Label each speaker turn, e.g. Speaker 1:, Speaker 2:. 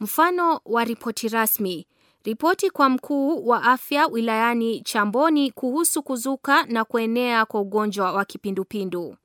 Speaker 1: Mfano wa ripoti rasmi: ripoti kwa mkuu wa afya wilayani Chamboni kuhusu kuzuka na kuenea kwa ugonjwa wa kipindupindu.